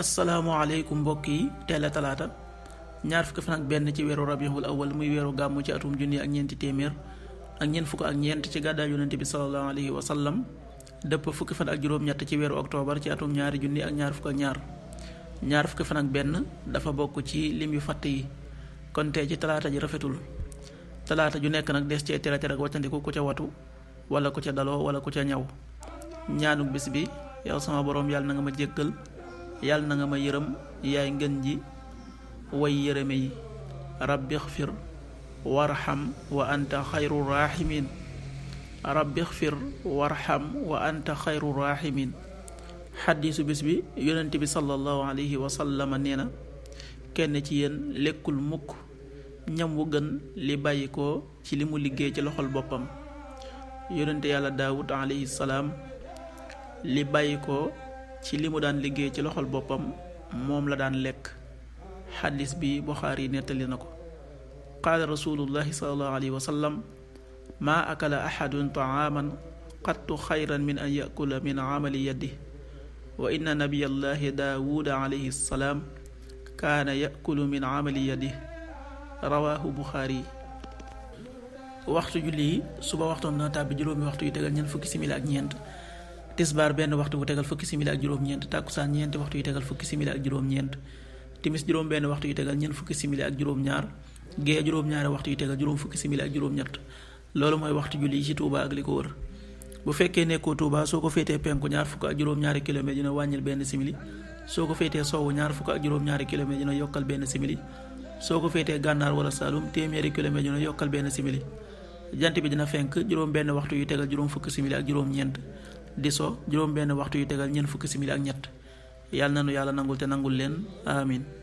asalaamaaleykum mbokk yi teel talaata ñaar fukki fan ak benn ci weeru rabiul awal muy weeru gàmmu ci atum junni ak ñeenti téeméer ak ñeent fukk ak ñeent ci gàddaay yonent bi sallallahu alayhi wa sallam dëpp fukki ak juróom-ñett ci weeru octobre ci atum ñaari junni ak ñaar fukk ñaar ñaar fukki fan ak benn dafa bokk ci lim yu fàtt yi kon tey ci talaata ji rafetul talaata ju nekk nag des cee tere tere ak wàccandiku ku ca watu wala ku ca daloo wala ku ca ñaw ñaanuk bis bi yow sama borom yàlla na nga ma jéggal yàlla na nga ma yërëm yaay ngën ji way yërëme yi rabbi xfir warxam wa anta xayru raximin rabbi xfir warxam wa anta xayru raximin xaddiisu bis bi yonent bi sallallahu alayhi wa sallama nee na kenn ci yéen lekkul mukk ñam wu gën li bàyyi ko ci li mu liggéey ci loxol boppam yonente yàlla daawud alayhi salaam li bàyyi ko ci li mu daan liggéey ci loxol boppam moom la daan lekk xadis bi Buxaari nettali na ko qaala rasulullahi salallahu alayhi wa sallam maa akala axadun taaman qattu xayran min an yakula min amali yaddi wa inna nabiyallahi daawuda alayhi salaam kaana yakulu min amali yaddi rawaahu Buxaari waxtu julli yi suba waxtoon na tàbbi juróomi waxtu yi tegal ñeent fukki simili ak ñeent tisbaar benn waxtu bu tegal fukki simili ak juróom-ñeent tàkkusaan ñeenti waxtu yu tegal fukki simili ak juróom-ñeent timis juróom benn waxtu yu tegal ñeent fukki simili ak juróom-ñaar gee juróom-ñaari waxtu yu tegal fukki simili ak juróom-ñett loolu mooy waxtu julli yi ci Touba ak li ko wër bu fekkee nekkoo soo ko féetee penku ñaar fukk ak juróom-ñaari dina wàññil benn simili soo ko féetee sowwu ñaar fukk ak juróom-ñaari dina yokkal benn simili soo ko féetee gànnaar wala Saalum téeméeri kilomètre dina yokkal benn simili jant bi dina fenk juróom benn waxtu yu tegal juróom fukki simili ak juróom-ñeent di so juróom benni waxtu yu tegal ñeent fukki simili ak ñett yàlla na nu yàlla nangul te nangul leen amin